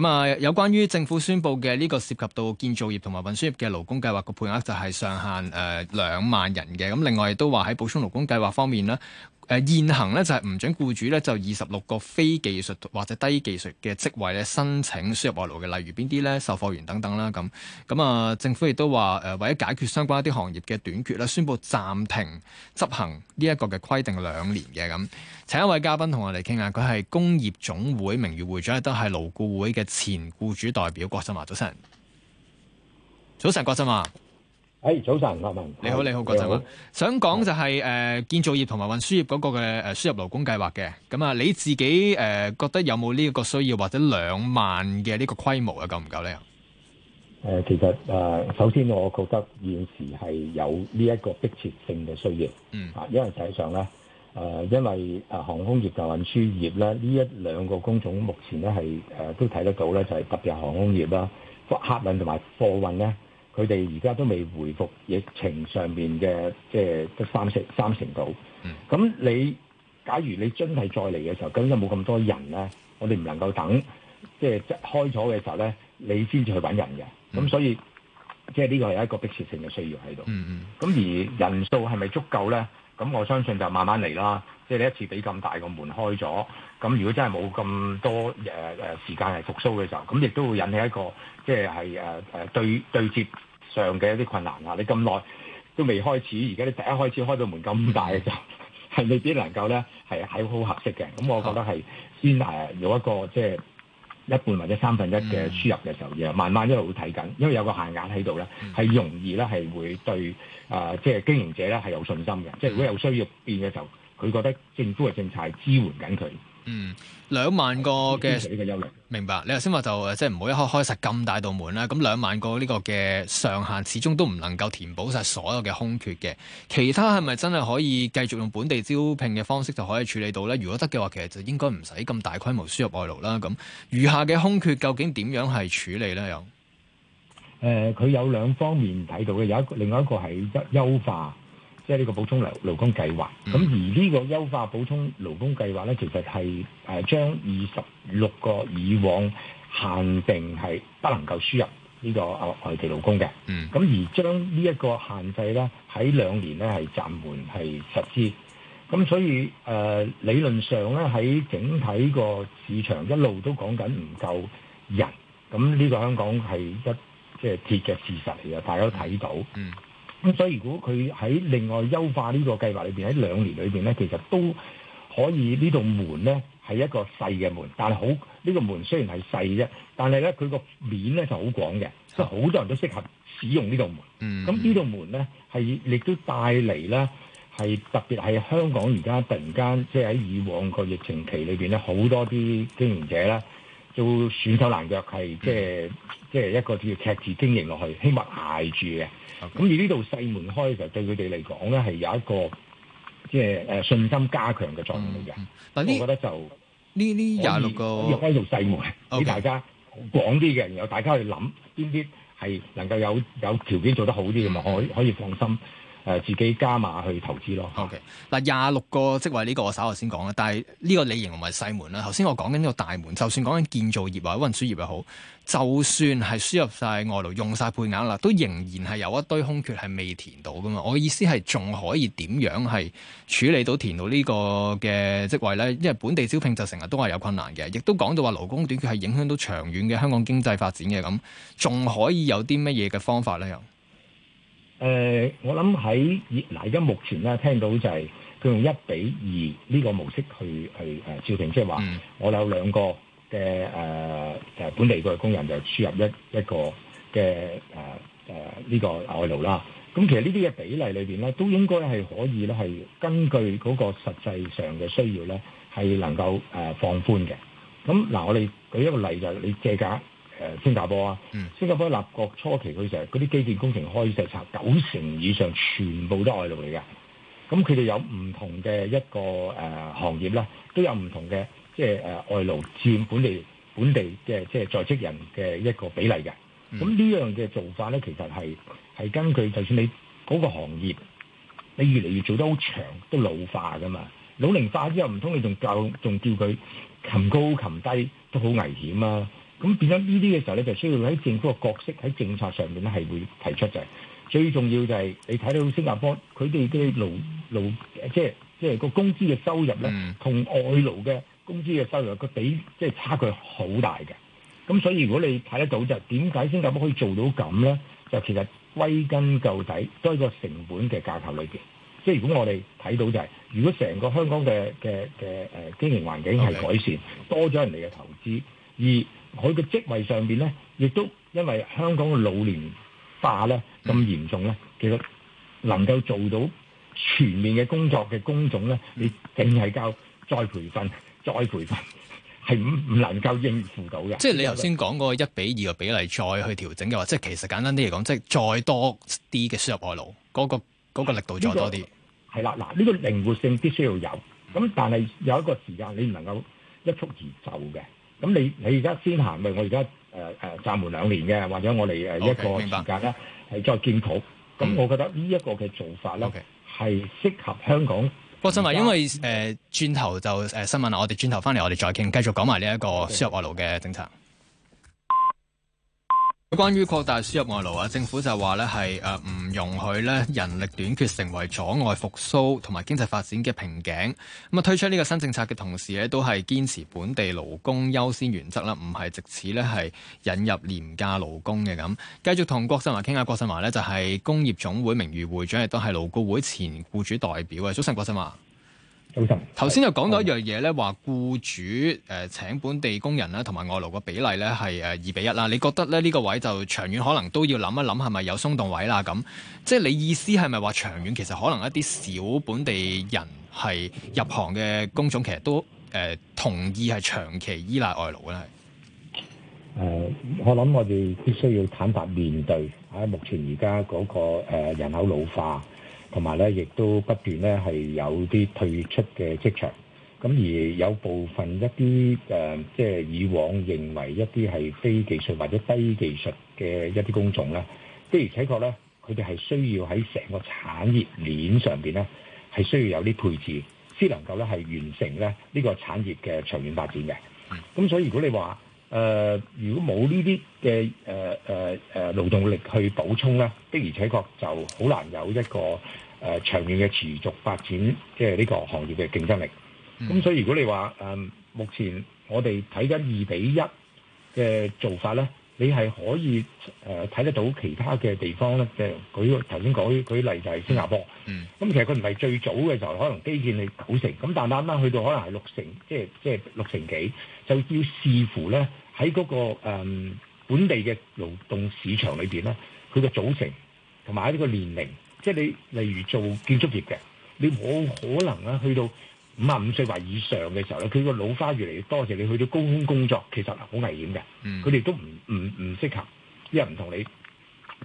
咁啊、嗯，有關於政府宣布嘅呢個涉及到建造業同埋運輸業嘅勞工計劃個配額就係上限誒兩、呃、萬人嘅。咁另外亦都話，喺補充勞工計劃方面咧，誒、呃、現行咧就係唔准僱主咧就二十六個非技術或者低技術嘅職位咧申請輸入外勞嘅，例如邊啲咧售貨員等等啦咁。咁、嗯、啊、嗯嗯，政府亦都話，誒、呃、為咗解決相關一啲行業嘅短缺啦，宣布暫停執行呢一個嘅規定兩年嘅咁。嗯請一位嘉賓同我哋傾下，佢係工業總會名譽會長，亦都係勞顧會嘅前僱主代表郭振華。早晨，早晨、hey，，郭振華，誒，早晨，阿文，你好，你好，郭振華。珍好想講就係誒，建造業同埋運輸業嗰個嘅誒輸入勞工計劃嘅，咁啊，你自己誒覺得有冇呢個需要或者，兩萬嘅呢個規模啊，夠唔夠咧？誒，其實誒，首先我覺得現時係有呢一個迫切性嘅需要，嗯啊，因為實際上咧。誒、呃，因為誒航空業同運輸業咧，呢一兩個工種目前咧係誒都睇得到咧，就係特別係航空業啦、客運同埋貨運咧，佢哋而家都未回復疫情上面嘅，即係得三成三成度。咁、嗯、你假如你真係再嚟嘅時候，根本就冇咁多人咧，我哋唔能夠等，即係即開咗嘅時候咧，你先至去搵人嘅。咁、嗯、所以。即係呢個係一個迫切性嘅需要喺度，咁而人數係咪足夠呢？咁我相信就慢慢嚟啦。即係你一次俾咁大個門開咗，咁如果真係冇咁多時間係復甦嘅時候，咁亦都會引起一個即係係對，對接上嘅一啲困難啊！你咁耐都未開始，而家你第一開始開到門咁大嘅時候，係未必能夠呢係係好合適嘅。咁我覺得係先係有一個即係。一半或者三分一嘅輸入嘅時候，亦慢慢一路會睇緊，因為有個限額喺度咧，係容易咧係會對啊、呃，即係經營者咧係有信心嘅，即係如果有需要變嘅時候，佢覺得政府嘅政策係支援緊佢。嗯，兩萬個嘅，明白，你頭先話就即係唔好一開開實咁大度門啦。咁兩萬個呢個嘅上限始終都唔能夠填補晒所有嘅空缺嘅。其他係咪真係可以繼續用本地招聘嘅方式就可以處理到呢？如果得嘅話，其實就應該唔使咁大規模輸入外勞啦。咁餘下嘅空缺究竟點樣係處理呢？有誒、呃，佢有兩方面睇到嘅，有一個，另外一個係一優化。即係呢個補充勞工計劃，咁而呢個優化補充勞工計劃呢，其實係誒將二十六個以往限定係不能夠輸入呢個啊外地勞工嘅，嗯，咁而將呢一個限制呢，喺兩年呢係暫緩係實施，咁所以誒、呃、理論上呢，喺整體個市場一路都講緊唔夠人，咁、這、呢個香港係一即係鐵嘅事實嚟嘅，大家都睇到，嗯。嗯。咁所以如果佢喺另外優化呢個計劃裏邊，喺兩年裏邊咧，其實都可以這道呢度門咧係一個細嘅門，但係好呢個門雖然係細啫，但係咧佢個面咧就好廣嘅，所以好多人都適合使用呢度門，嗯，嗯，咁呢度門咧係亦都帶嚟咧，係特別係香港而家突然間，即係喺以往個疫情期裏邊咧，好多啲經營者咧。做選手難腳係即係即係一個叫赤字經營落去，希望捱住嘅。咁 Okay. 而呢度細門開嘅時候，對佢哋嚟講咧係有一個即係誒信心加強嘅作用嚟嘅、嗯嗯。但係我覺得就呢呢廿六個開到細門，俾大家廣啲嘅，Okay. 然後大家去諗邊啲係能夠有有條件做得好啲嘅嘛，可以可以放心。誒，自己加碼去投資咯。O K，嗱，廿六個職位呢個我稍後先講啦。但係呢個理型唔係，細門啦。頭先我講緊呢個大門，就算講緊建造業或者運輸業又好，就算係輸入晒外勞、用晒配額啦，都仍然係有一堆空缺係未填到噶嘛。我嘅意思係仲可以點樣係處理到填到這個職位呢個嘅職位咧？因為本地招聘，就成日都係有困難嘅，亦都講到話勞工短缺係影響到長遠嘅香港經濟發展嘅咁，仲可以有啲乜嘢嘅方法咧？又？誒、呃，我諗喺而家目前咧，聽到就係佢用一比二呢個模式去去誒調平，即係話我有兩個嘅誒誒本地嘅工人就輸入一個一個嘅誒誒呢個外勞啦。咁其實呢啲嘅比例裏邊咧，都應該係可以咧係根據嗰個實際上嘅需要咧，係能夠誒、呃、放寬嘅。咁嗱、呃，我哋舉一個例就係你借假。誒新加坡啊，新加坡立國初期佢成日嗰啲基建工程開就係九成以上全部都是外勞嚟嘅。咁佢哋有唔同嘅一個誒行業啦，都有唔同嘅即係誒外勞佔本地本地嘅即係在職人嘅一個比例嘅，咁呢、嗯、樣嘅做法咧，其實係係根據就算你嗰個行業你越嚟越做得好長都老化噶嘛，老齡化之後唔通你仲教仲叫佢擒高擒低都好危險啊！咁變咗呢啲嘅時候咧，你就需要喺政府嘅角色喺政策上面咧，係會提出就係、是、最重要就係你睇到新加坡佢哋嘅勞勞即係即係個工資嘅收入咧，同外勞嘅工資嘅收入個比即係差距好大嘅。咁所以如果你睇得到就點、是、解新加坡可以做到咁咧？就其實歸根究底都係個成本嘅架構裏邊。即係如果我哋睇到就係、是、如果成個香港嘅嘅嘅誒經營環境係改善，Okay. 多咗人哋嘅投資而。佢嘅職位上邊咧，亦都因為香港嘅老年化咧咁嚴重咧，其實能夠做到全面嘅工作嘅工種咧，你淨係教再培訓、再培訓，係唔唔能夠應付到嘅。即係你頭先講嗰個一比二嘅比例再去調整嘅話，即係其實簡單啲嚟講，即係再多啲嘅輸入外勞，嗰個嗰個力度再多啲。係啦，嗱，呢個靈活性必須要有，咁但係有一個時間你唔能夠一蹴而就嘅。咁你你而家先行咪？我而家誒誒暫緩兩年嘅，或者我哋一個時間咧，係、okay, 再見確。咁我覺得呢一個嘅做法咧，係、mm hmm. okay. 適合香港。郭生啊，因為誒、呃、轉頭就、呃、新聞啦，我哋轉頭翻嚟我哋再傾，繼續講埋呢一個輸入外勞嘅政策。Okay. 關於擴大輸入外勞啊，政府就話咧係誒唔容許咧人力短缺成為阻礙復蘇同埋經濟發展嘅瓶頸。咁啊推出呢個新政策嘅同時咧，都係堅持本地勞工優先原則啦，唔係藉此咧係引入廉價勞工嘅咁。繼續同郭振華傾下，郭振華呢就係工業總會名譽會長，亦都係勞顧會前僱主代表嘅。早晨，郭振華。頭先又講到一樣嘢咧，話僱主誒請本地工人啦，同埋外勞個比例咧係誒二比一啦。你覺得咧呢個位就長遠可能都要諗一諗，係咪有鬆動位啦？咁即係你意思係咪話長遠其實可能一啲小本地人係入行嘅工種，其實都誒、呃、同意係長期依賴外勞咧？係誒、呃，我諗我哋必須要坦白面對啊，目前而家嗰個誒、呃、人口老化。同埋咧，亦都不斷咧係有啲退出嘅職場，咁而有部分一啲誒，即係以往認為一啲係非技術或者低技術嘅一啲工種咧，的而且確咧，佢哋係需要喺成個產業鏈上面咧，係需要有啲配置，先能夠咧係完成咧呢個產業嘅長遠發展嘅。咁所以如果你話，誒、呃，如果冇呢啲嘅誒誒誒勞動力去補充呢，的而且確就好難有一個誒、呃、長遠嘅持續發展，即係呢個行業嘅競爭力。咁、嗯、所以如果你話、呃、目前我哋睇緊二比一嘅做法呢。你係可以誒睇、呃、得到其他嘅地方咧，即係舉頭先講舉舉例就係新加坡，嗯，咁其實佢唔係最早嘅時候，可能基建係九成，咁但係啱啱去到可能係六成，即係即係六成幾，就要視乎咧喺嗰個、嗯、本地嘅勞動市場裏邊咧，佢嘅組成同埋呢個年齡，即係你例如做建築業嘅，你冇可、可能咧去到。五啊五歲或以上嘅時候咧，佢個老花越嚟越多，即係你去到高空工作，其實好危險嘅。佢哋、mm. 都唔唔唔適合，因為唔同你，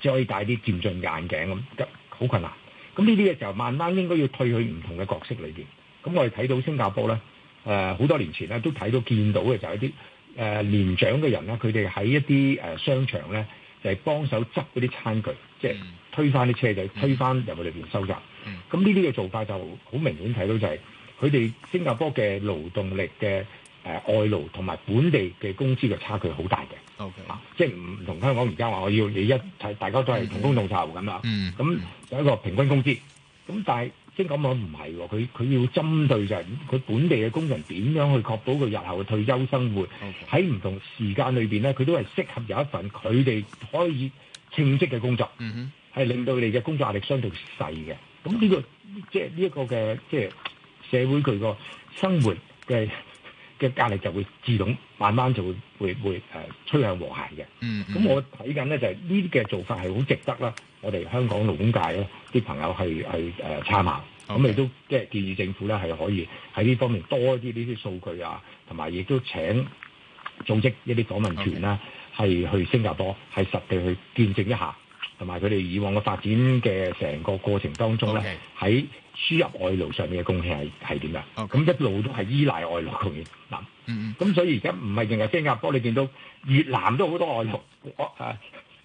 只可以戴啲漸進眼鏡咁，好困難。咁呢啲嘅時候，慢慢應該要退去唔同嘅角色裏邊。咁我哋睇到新加坡咧，誒、呃、好多年前咧都睇到見到嘅就係啲誒年長嘅人咧，佢哋喺一啲誒商場咧就係、是、幫手執嗰啲餐具，mm. 即係推返啲車仔，推返入去裏邊收集。咁呢啲嘅做法就好明顯睇到就係、是。佢哋新加坡嘅勞動力嘅誒、呃、外勞同埋本地嘅工資嘅差距好大嘅。OK，啊、即係唔同香港而家話我要你一齊大家都係同工同酬咁啦。嗯、mm，咁、hmm. 有一個平均工資。咁但係新加坡唔係喎，佢佢要針對就係佢本地嘅工人點樣去確保佢日後嘅退休生活。Okay. 喺唔同時間裏邊咧，佢都係適合有一份佢哋可以稱職嘅工作。嗯哼、mm，係、hmm. 令到佢哋嘅工作壓力相對細嘅。咁呢、這個、mm hmm. 即係呢一個嘅即係。社會佢個生活嘅嘅壓力就會自動慢慢就會會會誒趨向和諧嘅。嗯、mm，咁、hmm. 我睇緊咧就係呢啲嘅做法係好值得啦，我哋香港勞工界咧啲朋友去去誒參考，咁你 Okay. 都即係建議政府咧係可以喺呢方面多一啲呢啲數據啊，同埋亦都請組織一啲訪問團啦，係去新加坡係實地去見證一下，同埋佢哋以往嘅發展嘅成個過程當中咧喺。Okay. 輸入外勞上面嘅供應係係點噶？咁 Okay. 一路都係依賴外勞供應。嗱、嗯嗯，咁所以而家唔係淨係新加坡，你見到越南都好多外勞，啊、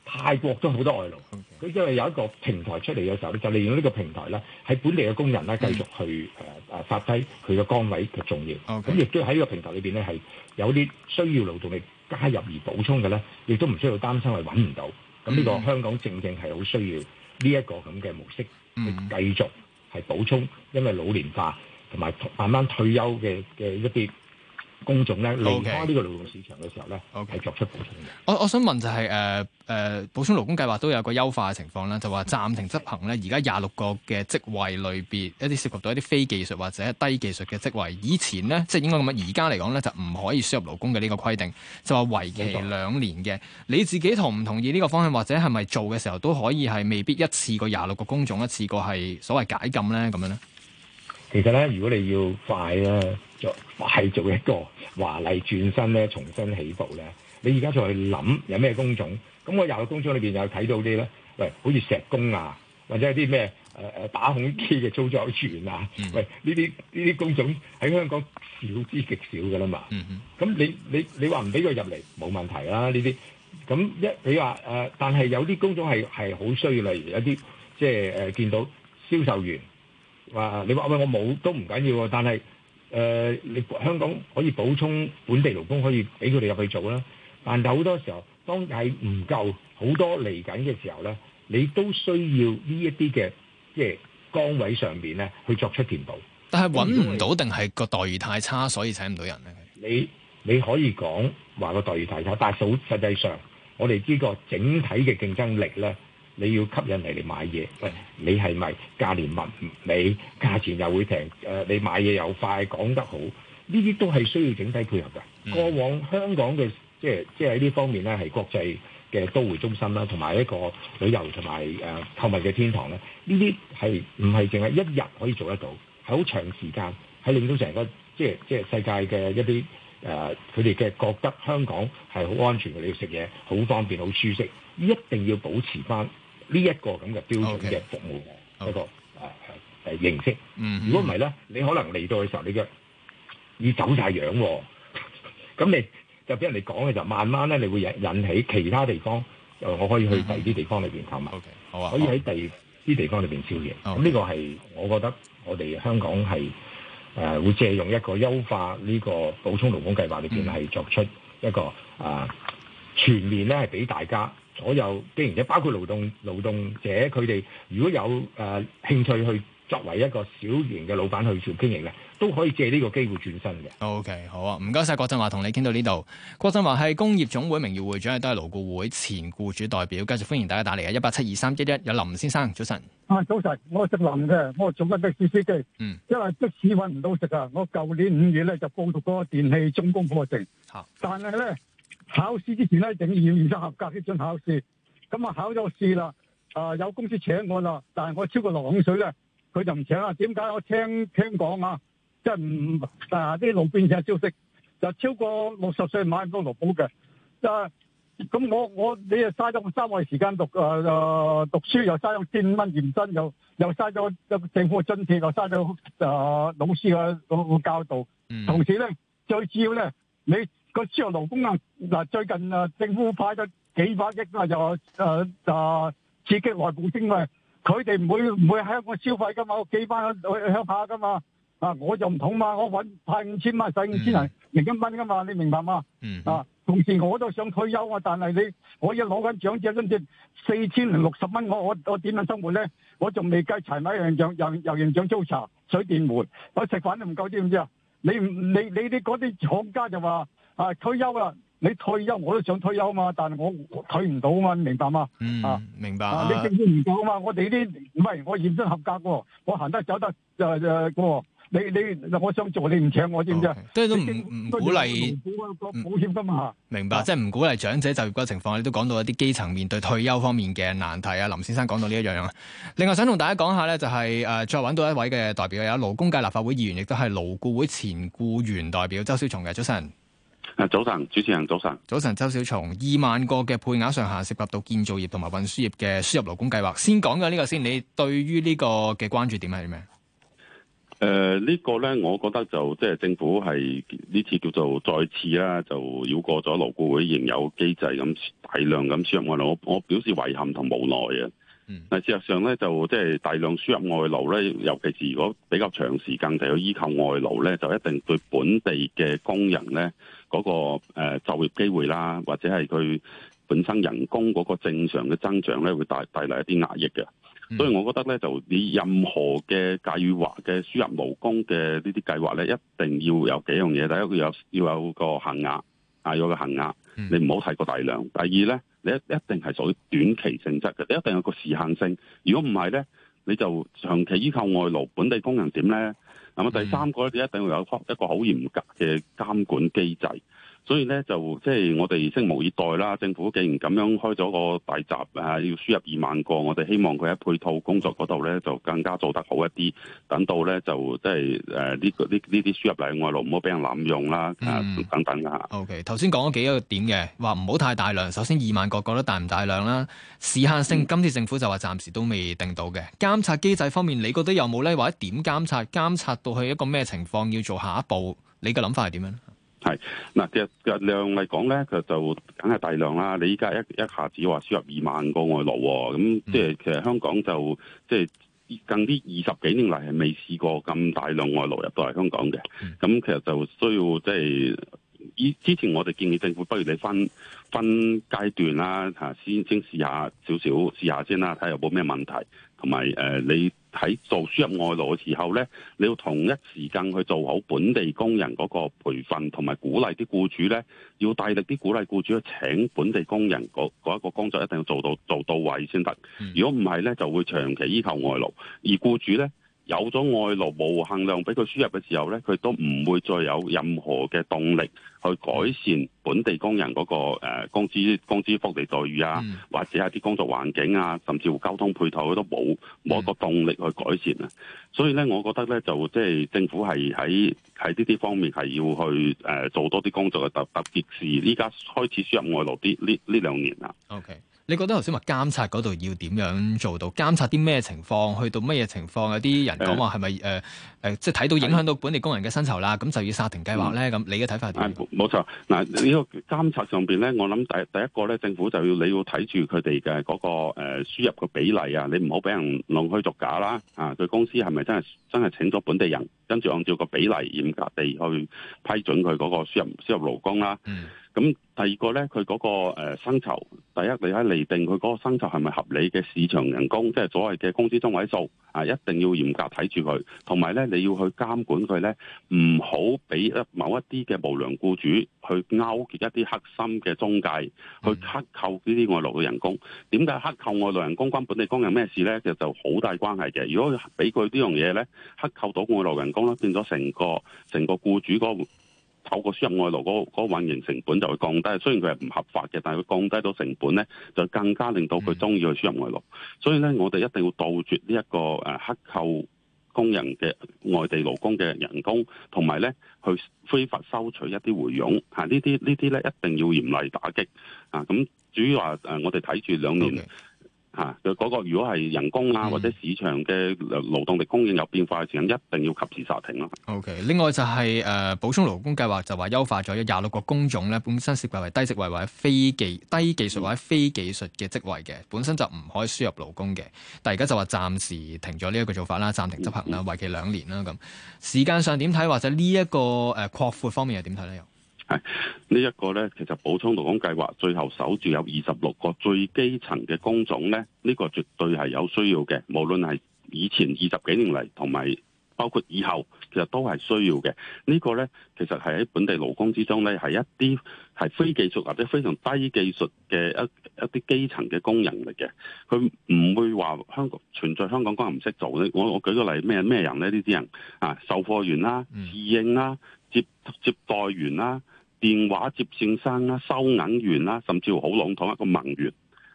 泰國都好多外勞。佢因為有一個平台出嚟嘅時候，咧就利、是、用呢個平台咧，喺本地嘅工人咧繼續去誒誒發揮佢嘅崗位嘅重要。咁亦都喺呢個平台裏邊咧，係有啲需要勞動力加入而補充嘅咧，亦都唔需要擔心係揾唔到。咁呢個香港正正係好需要呢一個咁嘅模式去繼續。係補充，因為老年化同埋慢慢退休嘅嘅一啲工種咧離開呢個勞動市場嘅時候咧，O K 作出補充嘅，我我想問就係誒誒補充勞工計劃都有一個優化嘅情況啦，就話暫停執行咧。而家廿六個嘅職位類別一啲涉及到一啲非技術或者低技術嘅職位，以前呢，即係應該咁樣，而家嚟講咧就唔可以輸入勞工嘅呢個規定，就話為期兩年嘅。你自己同唔同意呢個方向，或者係咪做嘅時候都可以係未必一次過廿六個工種，一次過係所謂解禁咧咁樣咧？其實咧，如果你要快咧，就快做一個華麗轉身咧，重新起步咧，你而家再諗有咩工種？咁我入到工場裏面，又睇到啲咧，喂，好似石工啊，或者一啲咩、呃、打孔機嘅操作員啊，喂，呢啲呢啲工種喺香港少之極少㗎啦嘛。咁你你你話唔俾佢入嚟冇問題啦呢啲。咁一你話、呃、但係有啲工種係係好需要，例如有啲即係誒見到銷售員。話你話喂，我冇都唔緊要，但係誒、呃，你香港可以補充本地勞工，可以俾佢哋入去做啦。但係好多時候，當係唔夠好多嚟緊嘅時候咧，你都需要呢一啲嘅即係崗位上面咧去作出填補。但係揾唔到定係個待遇太差，所以請唔到人咧？你你可以講話個待遇太差，但係好實際上，我哋知個整體嘅競爭力咧。你要吸引人嚟買嘢，喂，你係咪價廉物美？價錢又會平，誒，你買嘢又快，講得好，呢啲都係需要整體配合㗎。嗯、過往香港嘅即係即係喺呢方面呢，係國際嘅都會中心啦，同埋一個旅遊同埋誒購物嘅天堂咧。呢啲係唔係淨係一日可以做得到？係好長時間，係令到成個即係即係世界嘅一啲誒，佢哋嘅覺得香港係好安全嘅，你要食嘢好方便、好舒適，一定要保持翻。呢一個咁嘅標準嘅服務嘅一個啊啊形式，如果唔係咧，你可能嚟到嘅時候，你嘅已走晒樣喎。咁、mm hmm. 你就俾人哋講嘅就慢慢咧，你會引引起其他地方，就我可以去第二啲地方裏邊購物，好啊、mm，hmm. okay. Okay. 可以喺第二啲地方裏邊消費。咁呢 Okay. 個係我覺得我哋香港係誒、呃、會借用一個優化呢個補充勞工計劃裏邊係作出一個啊、呃、全面咧係俾大家。所有經營者，包括勞動勞動者，佢哋如果有誒、呃、興趣去作為一個小型嘅老闆去做經營嘅，都可以借呢個機會轉身嘅。OK，好啊，唔該晒郭振華，同你傾到呢度。郭振華係工業總會名譽會長，亦都係勞顧會前僱主代表。繼續歡迎大家打嚟嘅一八七二三一一，31，有林先生，早晨。啊，早晨，我係姓林嘅，我係做緊的士司機。嗯，因為的士揾唔到食啊，我舊年五月咧就報讀嗰個電器中工課程。嚇，但係咧。嗯考試之前咧，一定要驗證合格先准考試，咁啊考咗試啦，啊有公司請我啦，但係我超過六十歲咧，佢就唔請啦。點解？我聽聽講啊，即係唔啊啲路邊嘅消息，就超過六十歲買唔到勞保嘅。啊，咁我我你啊嘥咗我三個月時間讀啊、呃、讀書，又嘥咗千蚊驗身，又又嘥咗政府津貼，又嘥咗啊老師嘅個教導。嗯、同時咧，最主要咧，你。個輸入勞工啊，嗱最近啊，政府派咗幾百億啊，又誒就刺激內部消費。佢哋唔會唔會喺香港消費噶嘛？寄翻去去鄉下噶嘛？啊，我就唔同嘛，我搵派五千蚊，使五千零零金蚊噶嘛？你明白嘛？啊，同時我都想退休啊，但係你我要攞緊長者津貼四千零六十蚊，我我我點樣生活咧？我仲未計柴米油油油鹽醬醋茶水電煤，我食飯都唔夠，知唔知啊？你唔你你啲嗰啲廠家就話。啊！退休啦！你退休我都想退休嘛，但係我退唔到嘛，明白嘛？嗯，明白。你經驗唔夠嘛？我哋啲唔係我驗真合格喎，我行得走得就就你你我想做，你唔請我，知唔知即係都唔唔鼓勵。個保險噶嘛？明白，即係唔鼓勵長者就業個嗰情況。你都講到一啲基層面對退休方面嘅難題啊！林先生講到呢一樣啊。另外想同大家講下咧、就是，就係誒再揾到一位嘅代表，有勞工界立法會議員，亦都係勞顧會前僱員代表周小松嘅早晨。誒，早晨，主持人早晨，早晨，周小松，二萬個嘅配額上下涉及到建造業同埋運輸業嘅輸入勞工計劃，先講嘅呢、這個先，你對於呢個嘅關注點係咩？誒、呃，這個、呢個咧，我覺得就即係政府係呢次叫做再次啦，就繞過咗勞顧會現有機制，咁大量咁輸入外勞，我我表示遺憾同無奈啊。嗯，但事實上咧，就即係大量輸入外勞咧，尤其是如果比較長時間就要依靠外勞咧，就一定對本地嘅工人咧。嗰個誒就業機會啦，或者係佢本身人工嗰個正常嘅增長咧，會帶帶嚟一啲壓抑嘅。嗯、所以，我覺得咧，就你任何嘅計劃嘅輸入勞工嘅呢啲計劃咧，一定要有幾樣嘢。第一，要有要有個限額，啊，要有個限額，你唔好太過大量。第二咧，你一一定係屬於短期性質嘅，你一定有個時限性。如果唔係咧，你就長期依靠外勞，本地工人點咧？咁、嗯、第三個咧，就一定會有一個好嚴格嘅監管機制。所以咧就即係、就是、我哋拭目以待啦。政府既然咁樣開咗個大閘，啊要輸入二萬個，我哋希望佢喺配套工作嗰度咧就更加做得好一啲。等到咧就即係誒呢個呢呢啲輸入嚟，外勞唔好俾人濫用啦，嗯、等等噶。O K，頭先講咗幾個點嘅，話唔好太大量。首先二萬個，覺得大唔大量啦。時限性，嗯、今次政府就話暫時都未定到嘅。監察機制方面，你覺得有冇咧？或者點監察？監察到去一個咩情況，要做下一步？你嘅諗法係點樣？係，嗱，其實量嚟講咧，其實就梗係大量啦。你依家一一下子話輸入二萬個外勞，喔，咁即係其實香港就即係近啲二十幾年嚟，係未試過咁大量外勞入到嚟香港嘅。咁、嗯、其實就需要即係，以、就是、之前我哋建議政府，不如你分分階段啦，吓先先試下少少，試下先啦，睇下有冇咩問題，同埋誒你。喺做輸入外勞嘅時候呢，你要同一時間去做好本地工人嗰個培訓，同埋鼓勵啲僱主呢，要大力啲鼓勵僱主去請本地工人嗰一個工作，一定要做到做到位先得。如果唔係呢就會長期依靠外勞，而僱主呢。有咗外勞無限量俾佢輸入嘅時候呢，佢都唔會再有任何嘅動力去改善本地工人嗰、那個誒、呃、工資工資福利待遇啊，嗯、或者係啲工作環境啊，甚至乎交通配套佢都冇冇一個動力去改善啊。所以呢，我覺得呢就即係、就是、政府係喺喺呢啲方面係要去誒、呃、做多啲工作嘅，特別是依家開始輸入外勞啲呢呢兩年啊。Okay. 你覺得頭先話監察嗰度要點樣做到？監察啲咩情況？去到乜嘢情況有啲人講話係咪即係睇到影響到本地工人嘅薪酬啦？咁、嗯、就要殺停計劃咧？咁你嘅睇法點？冇錯、哎，嗱呢、呢個監察上面咧，我諗第第一個咧，政府就要你要睇住佢哋嘅嗰個、呃、輸輸入嘅比例啊，你唔好俾人弄虛作假啦啊！佢公司係咪真係真係請咗本地人，跟住按照個比例嚴格地去批准佢嗰個輸入輸入勞工啦。嗯咁第二個咧，佢嗰、嗰個薪、呃、酬，第一你喺釐定佢嗰個薪酬係咪合理嘅市場人工，即係所謂嘅工資中位數啊，一定要嚴格睇住佢。同埋咧，你要去監管佢咧，唔好俾一某一啲嘅無良僱主去勾結一啲黑心嘅中介，去克扣呢啲外勞嘅人工。點解克扣外勞人工關本地工人咩事咧？其實就就好大關係嘅。如果俾佢呢樣嘢咧克扣到外勞人工咧，變咗成個成個僱主嗰。透過輸入外勞嗰個嗰個運營成本就會降低，雖然佢係唔合法嘅，但係佢降低到成本咧，就更加令到佢中意去輸入外勞。嗯、所以咧，我哋一定要杜絕呢一個誒克扣工人嘅外地勞工嘅人工，同埋咧去非法收取一啲回佣。嚇，呢啲呢啲咧一定要嚴厲打擊啊！咁主要話誒，我哋睇住兩年。Okay. 吓，嗰個如果係人工啊或者市場嘅勞動力供應有變化嘅時間，一定要及時煞停咯。OK，另外就係誒補充勞工計劃就話優化咗廿六個工種咧，本身涉及為低職位或者非技低技術或者非技術嘅職位嘅，嗯、本身就唔可以輸入勞工嘅。但係而家就話暫時停咗呢一個做法啦，暫停執行啦，嗯、為期兩年啦咁。時間上點睇或者呢、這、一個誒擴闊方面係點睇咧又？係呢一個咧，其實補充勞工計劃最後守住有二十六個最基層嘅工種咧，呢個絕對係有需要嘅。無論係以前二十幾年嚟，同埋包括以後，其實都係需要嘅。呢個咧，其實係喺本地勞工之中咧，係一啲係非技術或者非常低技術嘅一一啲基層嘅工人嚟嘅。佢唔會話香港存在香港工人唔識做咧。我我舉個例，咩咩人咧？呢啲人啊，售貨員啦、侍應啦、接接待員啦。電話接線生啦、啊、收銀員啦、啊，甚至乎好籠統一個文員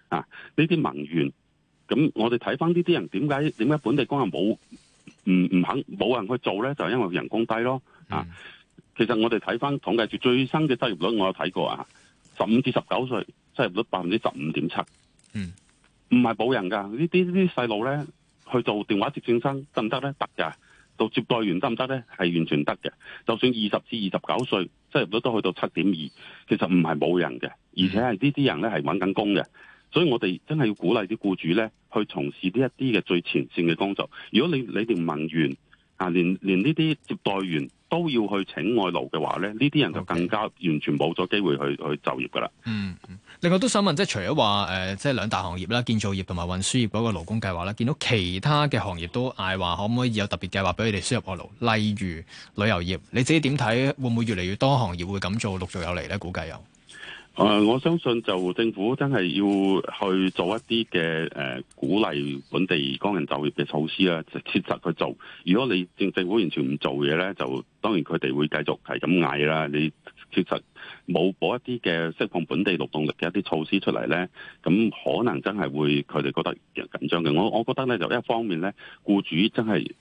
啊，呢啲文員，咁我哋睇翻呢啲人點解點解本地工人冇唔唔肯冇人去做咧？就係因為人工低咯啊！嗯、其實我哋睇翻統計住最新嘅失業率，我有睇過啊，十五至十九歲失業率百分之十五點七，嗯，唔係冇人噶，呢啲啲細路咧去做電話接線生得唔得咧？得噶，做接待員得唔得咧？係完全得嘅，就算二十至二十九歲。收入都去到七點二，其實唔係冇人嘅，而且係呢啲人咧係揾緊工嘅，所以我哋真係要鼓勵啲僱主呢去從事呢一啲嘅最前線嘅工作。如果你你哋文員。啊！連連呢啲接待員都要去請外勞嘅話咧，呢啲人就更加完全冇咗機會去去就業噶啦。嗯，另外都想問，即係除咗話誒，即係兩大行業啦，建造業同埋運輸業嗰個勞工計劃啦，見到其他嘅行業都嗌話，可唔可以有特別計劃俾佢哋輸入外勞？例如旅遊業，你自己點睇？會唔會越嚟越多行業會咁做，陸續有嚟咧？估計有。誒，我相信就政府真係要去做一啲嘅誒鼓勵本地工人就業嘅措施啦，就切實去做。如果你政政府完全唔做嘢咧，就當然佢哋會繼續係咁嗌啦。你確實冇補一啲嘅釋放本地勞動力嘅一啲措施出嚟咧，咁可能真係會佢哋覺得緊張嘅。我我覺得咧，就一方面咧，僱主真係。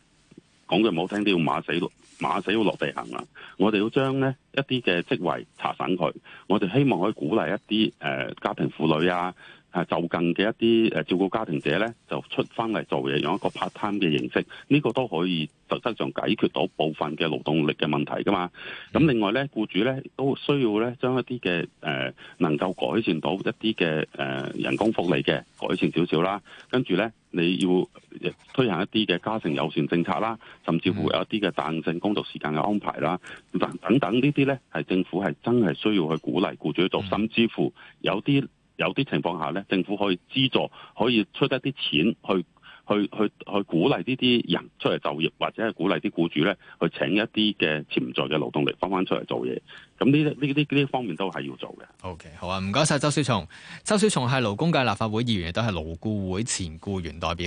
講句唔好聽，都要馬死，馬死要落地行啦！我哋要將呢一啲嘅職位查省佢，我哋希望可以鼓勵一啲誒家庭婦女啊。係、啊、就近嘅一啲誒照顧家庭者咧，就出翻嚟做嘢，用一個 part time 嘅形式，呢、呢個都可以實質上解決到部分嘅勞動力嘅問題噶嘛。咁另外咧，僱主咧都需要咧將一啲嘅誒能夠改善到一啲嘅誒人工福利嘅改善少少啦。跟住咧，你要推行一啲嘅家庭友善政策啦，甚至乎有一啲嘅彈性工作時間嘅安排啦，等等呢啲咧，係政府係真係需要去鼓勵僱主做，甚至乎有啲。有啲情況下咧，政府可以資助，可以出一啲錢去去去去鼓勵呢啲人出嚟就業，或者係鼓勵啲僱主咧去請一啲嘅潛在嘅勞動力翻翻出嚟做嘢。咁呢啲呢啲呢方面都係要做嘅。OK，好啊，唔該晒。周小松。周小松係勞工界立法會議員，亦都係勞顧會前僱員代表。